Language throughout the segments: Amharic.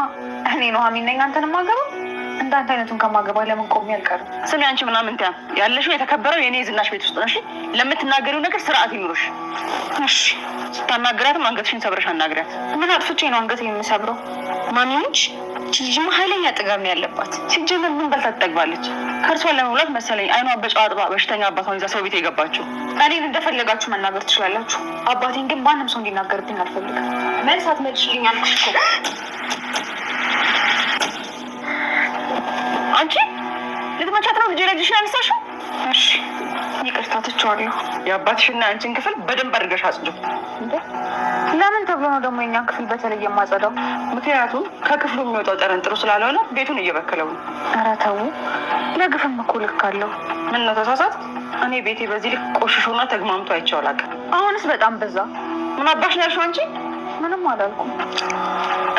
እኔማ እኔ ነው ሀሚ ነኝ አንተን ማገባው እንዳንተ አይነቱን ከማገባ ለምን ቆሜ አልቀርም? ስሚ አንቺ ምናምን ቲያ ያለሽው የተከበረው የእኔ ዝናሽ ቤት ውስጥ ነው። ለምትናገሪው ነገር ስርዓት ይኑሮሽ። እሺ ስታናግሪያትም አንገትሽን ሰብረሽ አናግሪያት። ምን አጥፍቼ ነው አንገት የምሰብረው? ማሚዎች ጂጂማ ኃይለኛ ጥጋሚ ያለባት ሲጀመር ምን በልታ ትጠግባለች። ከእርሷ ለመብላት መሰለኝ አይኗ በጨዋ አጥባ በሽተኛ አባቷን ይዛ ሰው ቤት የገባችው። እኔን እንደፈለጋችሁ መናገር ትችላላችሁ። አባቴን ግን ማንም ሰው እንዲናገርብኝ አልፈልግም። መልስ አትመልሽልኝ አልኩሽ እኮ አንቺ ልትመቻት ነው ልጄ ልጅሽን አነሳሽው? እሺ ይቅርታ ትቼዋለሁ። የአባትሽና አንቺን ክፍል በደንብ አድርገሽ አጽጁ። ለምን ተብሎ ነው ደግሞ የኛን ክፍል በተለየ ማጸዳው ምክንያቱም ከክፍሉ የሚወጣው ጠረን ጥሩ ስላልሆነ ቤቱን እየበከለው ነው። ኧረ ተው፣ ለግፍም እኮ ልክ አለው። ምን ነው ተሳሳት? እኔ ቤቴ በዚህ ልክ ቆሽሾና ተግማምቶ አይቼው አላውቅም። አሁንስ በጣም በዛ። ምን አባሽ ነው ያልሽው አንቺ? ምንም አላልኩም።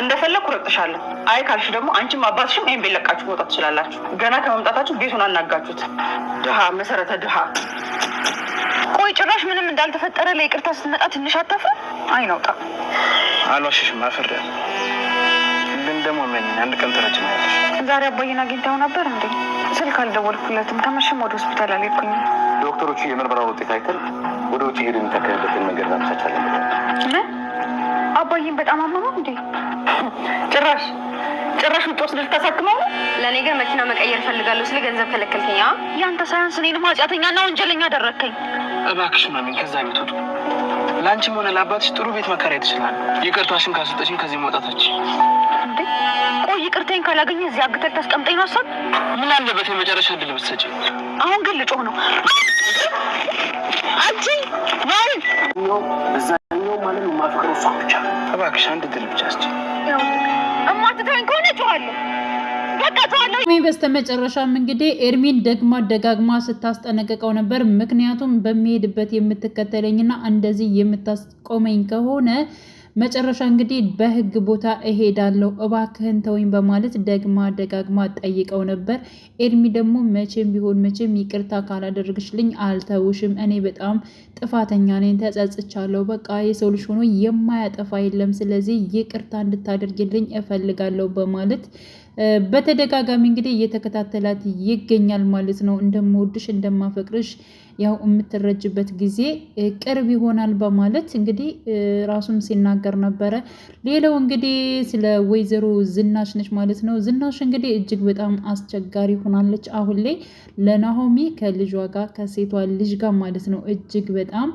እንደፈለግኩ ረግጥሻለሁ። አይ ካልሽ ደግሞ አንቺም አባትሽም ይህን ቤት ለቃችሁ መውጣት ትችላላችሁ። ገና ከመምጣታችሁ ቤቱን አናጋችሁት። ድሃ መሰረተ ድሃ። ቆይ ጭራሽ ምንም እንዳልተፈጠረ ለይቅርታ ስትመጣ ትንሽ አታፍ አይነውጣ አልዋሽሽም፣ አፈርዳል ግን ደግሞ መኝ አንድ ቀን ተረጅናለሽ። ዛሬ አባዬን አግኝተው ነበር እንዴ? ስልክ አልደወልኩለትም። ከመሸም ወደ ሆስፒታል አልሄድኩኝም። ዶክተሮቹ የምርመራ ውጤት አይተን ወደ ውጭ ሄድ የሚተከልበትን መንገድ ማመቻቻለን። አባዬን በጣም አመመው እንዴ? ጭራሽ ጭራሽ ውጭ ወስደሽ ነው? ለእኔ ግን መኪና መቀየር ፈልጋለሁ ስለ ገንዘብ ከለከልከኝ። ያንተ ሳያንስ እኔንም ኃጢአተኛና ወንጀለኛ አደረግከኝ። እባክሽ ማሚን ከዛ ቤት ውጡ። ለአንቺም ሆነ ለአባትሽ ጥሩ ቤት መከራየት ትችላል። ይቅርታሽን ካስወጠሽኝ ከዚህ መውጣታች ቆይ ይቅርታዬን ካላገኘ እዚህ አግተህ ታስቀምጠኝ ነው ሀሳብ። ምን አለበት የመጨረሻ እድል ብትሰጪ። አሁን ግን ልጮህ ነው። አንቺ ማሪ ማለት ነው። ማፍቀር እሷን ብቻ እባክሽ፣ አንድ ድል ብቻ እስኪ እማትተኝ ከሆነ በስተመጨረሻም እንግዲህ ኤርሚን ደግማ ደጋግማ ስታስጠነቅቀው ነበር። ምክንያቱም በሚሄድበት የምትከተለኝና እንደዚህ የምታስቆመኝ ከሆነ መጨረሻ እንግዲህ በህግ ቦታ እሄዳለሁ እባክህን ተወኝ በማለት ደግማ ደጋግማ ጠይቀው ነበር። ኤድሚ ደግሞ መቼም ቢሆን መቼም ይቅርታ ካላደረግሽልኝ አልተውሽም፣ እኔ በጣም ጥፋተኛ ነኝ፣ ተጸጽቻለሁ። በቃ የሰው ልጅ ሆኖ የማያጠፋ የለም፣ ስለዚህ ይቅርታ እንድታደርግልኝ እፈልጋለሁ በማለት በተደጋጋሚ እንግዲህ እየተከታተላት ይገኛል ማለት ነው። እንደምወድሽ እንደማፈቅርሽ ያው የምትረጅበት ጊዜ ቅርብ ይሆናል በማለት እንግዲህ ራሱም ሲናገር ነበረ። ሌላው እንግዲህ ስለ ወይዘሮ ዝናሽ ነች ማለት ነው። ዝናሽ እንግዲህ እጅግ በጣም አስቸጋሪ ሆናለች አሁን ላይ ለናሆሚ ከልጇ ጋር ከሴቷ ልጅ ጋር ማለት ነው እጅግ በጣም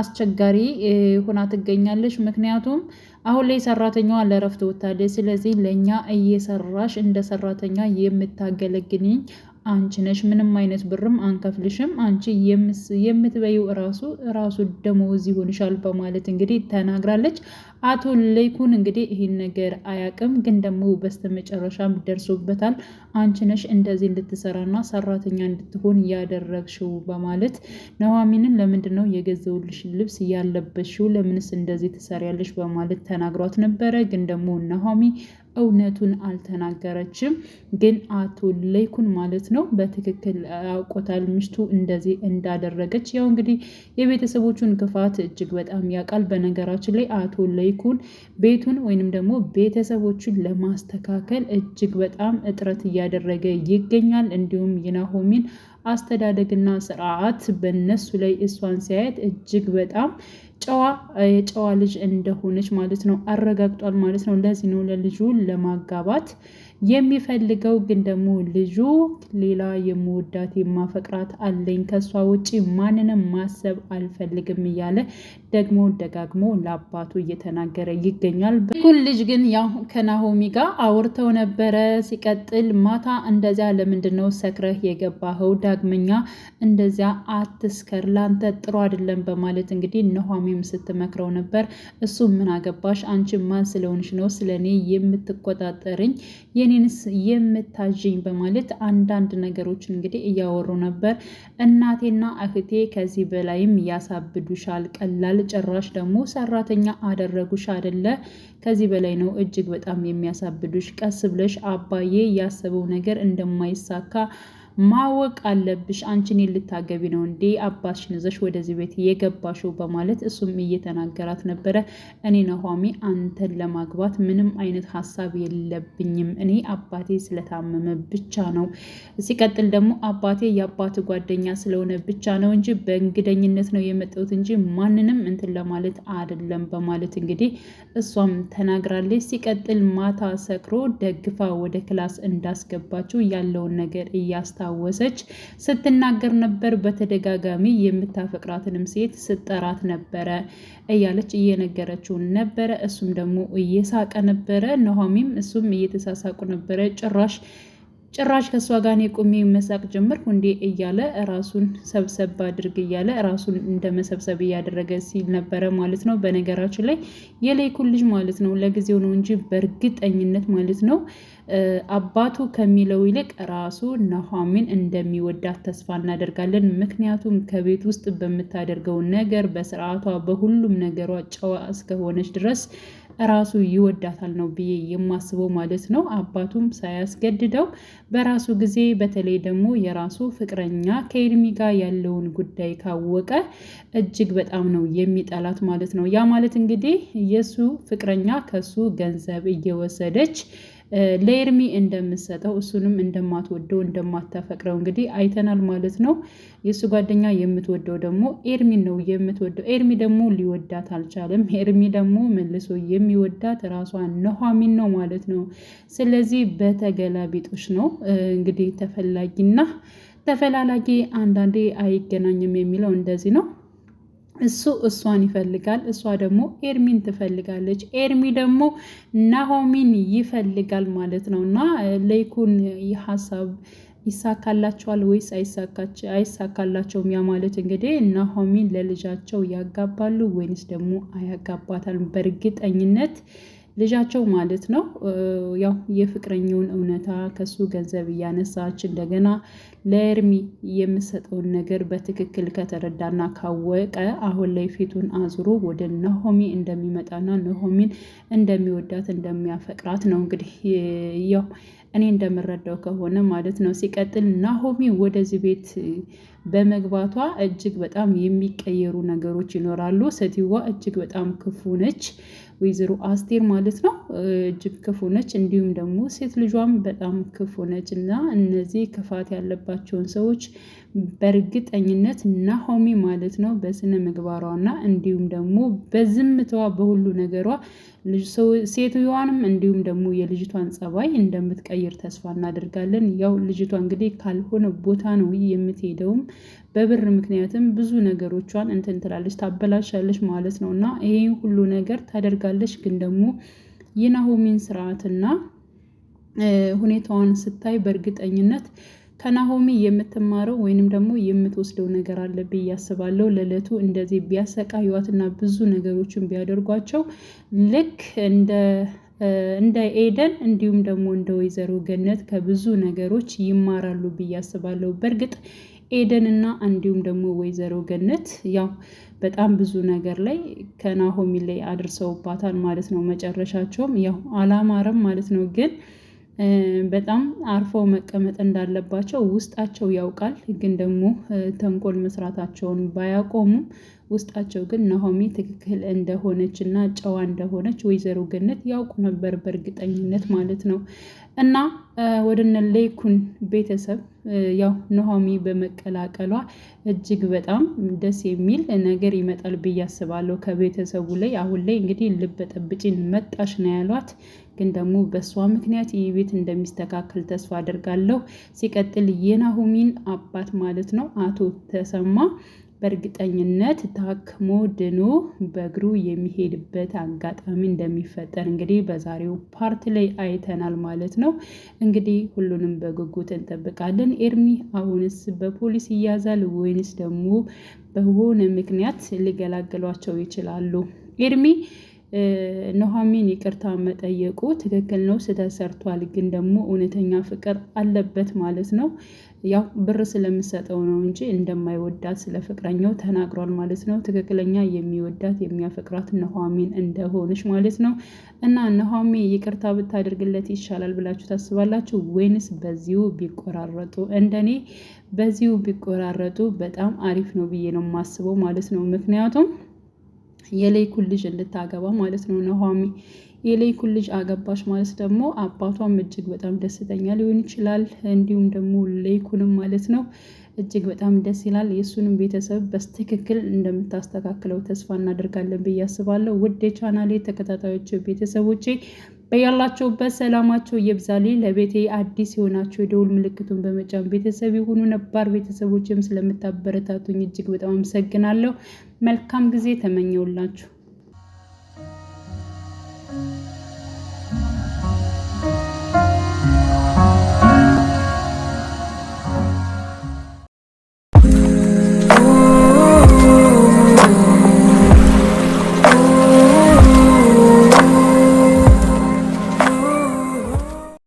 አስቸጋሪ ሆና ትገኛለች። ምክንያቱም አሁን ላይ ሰራተኛዋ ለረፍት ወታለች። ስለዚህ ለእኛ እየሰራሽ እንደ ሰራተኛ የምታገለግልኝ አንቺ ነሽ። ምንም አይነት ብርም አንከፍልሽም። አንቺ የምትበዩ ራሱ ራሱ ደሞዝ ይሆንሻል በማለት እንግዲህ ተናግራለች። አቶ ለይኩን እንግዲህ ይህን ነገር አያቅም፣ ግን ደግሞ በስተመጨረሻም ደርሶበታል። አንቺ ነሽ እንደዚህ እንድትሰራና ሰራተኛ እንድትሆን ያደረግሽው በማለት ነዋሚንን ለምንድን ነው የገዘውልሽ ልብስ ያለበሽው? ለምንስ እንደዚህ ትሰሪያለሽ? በማለት ተናግሯት ነበረ ግን ደግሞ ነዋሚ እውነቱን አልተናገረችም። ግን አቶ ለይኩን ማለት ነው በትክክል ያውቆታል ሚስቱ እንደዚህ እንዳደረገች። ያው እንግዲህ የቤተሰቦቹን ክፋት እጅግ በጣም ያውቃል። በነገራችን ላይ አቶ ለይኩን ቤቱን ወይንም ደግሞ ቤተሰቦቹን ለማስተካከል እጅግ በጣም እጥረት እያደረገ ይገኛል። እንዲሁም የናሆሚን አስተዳደግና ስርዓት በነሱ ላይ እሷን ሲያየት እጅግ በጣም ጨዋ የጨዋ ልጅ እንደሆነች ማለት ነው አረጋግጧል ማለት ነው። ለዚህ ነው ለልጁ ለማጋባት የሚፈልገው። ግን ደግሞ ልጁ ሌላ የምወዳት የማፈቅራት አለኝ ከእሷ ውጪ ማንንም ማሰብ አልፈልግም እያለ ደግሞ ደጋግሞ ለአባቱ እየተናገረ ይገኛል። ይሁን ልጅ ግን ያው ከናሆሚ ጋር አውርተው ነበረ። ሲቀጥል ማታ እንደዚያ ለምንድን ነው ሰክረህ የገባኸው? ዳግመኛ እንደዚያ አትስከር፣ ላንተ ጥሩ አይደለም በማለት እንግዲህ ነኋሚ ናሆሜም ስትመክረው ነበር። እሱም ምን አገባሽ አንቺ ማን ስለሆንሽ ነው ስለ እኔ የምትቆጣጠርኝ የኔንስ የምታዥኝ በማለት አንዳንድ ነገሮችን እንግዲህ እያወሩ ነበር። እናቴና እህቴ ከዚህ በላይም ያሳብዱሻል፣ ቀላል ጭራሽ ደግሞ ሰራተኛ አደረጉሽ አደለ? ከዚህ በላይ ነው እጅግ በጣም የሚያሳብዱሽ። ቀስ ብለሽ አባዬ ያሰበው ነገር እንደማይሳካ ማወቅ አለብሽ። አንቺን ልታገቢ ነው እንዴ አባትሽን ይዘሽ ወደዚህ ቤት የገባሽው? በማለት እሱም እየተናገራት ነበረ። እኔ ኑሃሚ አንተን ለማግባት ምንም አይነት ሀሳብ የለብኝም። እኔ አባቴ ስለታመመ ብቻ ነው። ሲቀጥል ደግሞ አባቴ የአባት ጓደኛ ስለሆነ ብቻ ነው እንጂ በእንግደኝነት ነው የመጣሁት እንጂ ማንንም እንትን ለማለት አይደለም፣ በማለት እንግዲህ እሷም ተናግራለች። ሲቀጥል ማታ ሰክሮ ደግፋ ወደ ክላስ እንዳስገባችው ያለውን ነገር እያስታ እያስታወሰች ስትናገር ነበር። በተደጋጋሚ የምታፈቅራትንም ሴት ስጠራት ነበረ እያለች እየነገረችው ነበረ። እሱም ደግሞ እየሳቀ ነበረ። ኑሃሚንም እሱም እየተሳሳቁ ነበረ ጭራሽ ጭራሽ ከእሷ ጋር እኔ ቁሜ መሳቅ ጀምር እንዴ እያለ ራሱን ሰብሰብ አድርግ እያለ ራሱን እንደ መሰብሰብ እያደረገ ሲል ነበረ ማለት ነው። በነገራችን ላይ የሌኩን ልጅ ማለት ነው ለጊዜው ነው እንጂ በእርግጠኝነት ማለት ነው አባቱ ከሚለው ይልቅ ራሱ ኑሃሚን እንደሚወዳት ተስፋ እናደርጋለን። ምክንያቱም ከቤት ውስጥ በምታደርገው ነገር፣ በስርዓቷ፣ በሁሉም ነገሯ ጨዋ እስከሆነች ድረስ ራሱ ይወዳታል ነው ብዬ የማስበው ማለት ነው። አባቱም ሳያስገድደው በራሱ ጊዜ በተለይ ደግሞ የራሱ ፍቅረኛ ከኤድሚ ጋር ያለውን ጉዳይ ካወቀ እጅግ በጣም ነው የሚጠላት ማለት ነው። ያ ማለት እንግዲህ የእሱ ፍቅረኛ ከሱ ገንዘብ እየወሰደች ለኤርሚ እንደምሰጠው እሱንም እንደማትወደው እንደማታፈቅረው እንግዲህ አይተናል ማለት ነው። የእሱ ጓደኛ የምትወደው ደግሞ ኤርሚ ነው የምትወደው። ኤርሚ ደግሞ ሊወዳት አልቻለም። ኤርሚ ደግሞ መልሶ የሚወዳት ራሷ ኑሐሚን ነው ማለት ነው። ስለዚህ በተገላቢጦሽ ነው እንግዲህ ተፈላጊና ተፈላላጊ አንዳንዴ አይገናኝም የሚለው እንደዚህ ነው። እሱ እሷን ይፈልጋል፣ እሷ ደግሞ ኤርሚን ትፈልጋለች፣ ኤርሚ ደግሞ ናሆሚን ይፈልጋል ማለት ነው። እና ለይኩን ሀሳብ ይሳካላቸዋል ወይስ አይሳካላቸውም? ያ ማለት እንግዲህ ናሆሚን ለልጃቸው ያጋባሉ ወይንስ ደግሞ አያጋባታል? በእርግጠኝነት ልጃቸው ማለት ነው ያው የፍቅረኛውን እውነታ ከሱ ገንዘብ እያነሳች እንደገና ለኤርሚ የምሰጠውን ነገር በትክክል ከተረዳና ካወቀ አሁን ላይ ፊቱን አዙሮ ወደ ናሆሚ እንደሚመጣና ናሆሚን እንደሚወዳት እንደሚያፈቅራት ነው እንግዲህ ያው እኔ እንደምረዳው ከሆነ ማለት ነው። ሲቀጥል ናሆሚ ወደዚህ ቤት በመግባቷ እጅግ በጣም የሚቀየሩ ነገሮች ይኖራሉ። ሴትየዋ እጅግ በጣም ክፉ ነች፣ ወይዘሮ አስቴር ማለት ነው። እጅግ ክፉ ነች፣ እንዲሁም ደግሞ ሴት ልጇም በጣም ክፉ ነች እና እነዚህ ክፋት ያለባቸውን ሰዎች በእርግጠኝነት ናሆሚ ማለት ነው በስነ ምግባሯና እንዲሁም ደግሞ በዝምታዋ በሁሉ ነገሯ ሴትዮዋንም እንዲሁም ደግሞ የልጅቷን ጸባይ እንደምትቀ እንደሚቀይር ተስፋ እናደርጋለን። ያው ልጅቷ እንግዲህ ካልሆነ ቦታ ነው የምትሄደውም በብር ምክንያትም ብዙ ነገሮቿን እንትን ትላለች፣ ታበላሻለች ማለት ነው እና ይሄን ሁሉ ነገር ታደርጋለች። ግን ደግሞ የናሆሚን ስርዓትና ሁኔታዋን ስታይ በእርግጠኝነት ከናሆሚ የምትማረው ወይንም ደግሞ የምትወስደው ነገር አለ ብዬ አስባለሁ። እንደዚህ እንደዚህ ቢያሰቃዩዋትና ብዙ ነገሮችን ቢያደርጓቸው ልክ እንደ እንደ ኤደን እንዲሁም ደግሞ እንደ ወይዘሮ ገነት ከብዙ ነገሮች ይማራሉ ብዬ አስባለሁ። በእርግጥ ኤደን እና እንዲሁም ደግሞ ወይዘሮ ገነት ያው በጣም ብዙ ነገር ላይ ከናሆሚ ላይ አድርሰውባታል ማለት ነው። መጨረሻቸውም ያው አላማረም ማለት ነው ግን በጣም አርፈው መቀመጥ እንዳለባቸው ውስጣቸው ያውቃል። ግን ደግሞ ተንኮል መስራታቸውን ባያቆሙም ውስጣቸው ግን ናሆሚ ትክክል እንደሆነች እና ጨዋ እንደሆነች ወይዘሮ ገነት ያውቁ ነበር በእርግጠኝነት ማለት ነው። እና ወደነ ሌኩን ቤተሰብ ያው ናሆሚ በመቀላቀሏ እጅግ በጣም ደስ የሚል ነገር ይመጣል ብዬ አስባለሁ ከቤተሰቡ ላይ። አሁን ላይ እንግዲህ ልበጠብጭን መጣሽ ነው ያሏት። ግን ደግሞ በእሷ ምክንያት ይህ ቤት እንደሚስተካከል ተስፋ አድርጋለሁ። ሲቀጥል የናሁሚን አባት ማለት ነው አቶ ተሰማ በእርግጠኝነት ታክሞ ድኖ በእግሩ የሚሄድበት አጋጣሚ እንደሚፈጠር እንግዲህ በዛሬው ፓርት ላይ አይተናል ማለት ነው። እንግዲህ ሁሉንም በጉጉት እንጠብቃለን። ኤርሚ አሁንስ በፖሊስ ይያዛል ወይንስ ደግሞ በሆነ ምክንያት ሊገላገሏቸው ይችላሉ? ኤርሚ ኑሐሚን ይቅርታ መጠየቁ ትክክል ነው፣ ስህተት ሰርቷል። ግን ደግሞ እውነተኛ ፍቅር አለበት ማለት ነው። ያው ብር ስለምሰጠው ነው እንጂ እንደማይወዳት ስለ ፍቅረኛው ተናግሯል ማለት ነው። ትክክለኛ የሚወዳት የሚያፈቅራት ኑሐሚን እንደሆነች ማለት ነው። እና ኑሐሚን ይቅርታ ብታደርግለት ይሻላል ብላችሁ ታስባላችሁ ወይንስ በዚሁ ቢቆራረጡ? እንደኔ በዚሁ ቢቆራረጡ በጣም አሪፍ ነው ብዬ ነው የማስበው ማለት ነው ምክንያቱም የሌይኩን ልጅ እንድታገባ ማለት ነው ኑሃሚ። የሌይኩን ልጅ አገባች ማለት ደግሞ አባቷም እጅግ በጣም ደስተኛ ሊሆን ይችላል። እንዲሁም ደግሞ ሌይኩንም ማለት ነው እጅግ በጣም ደስ ይላል። የእሱንም ቤተሰብ በስትክክል እንደምታስተካክለው ተስፋ እናደርጋለን ብዬ አስባለሁ። ውድ የቻናሌ ተከታታዮች ቤተሰቦቼ በያላቸውበት ሰላማቸው እየብዛሌ ለቤቴ አዲስ የሆናቸው የደውል ምልክቱን በመጫን ቤተሰብ የሆኑ ነባር ቤተሰቦችም ስለምታበረታቱኝ እጅግ በጣም አመሰግናለሁ። መልካም ጊዜ ተመኘውላችሁ።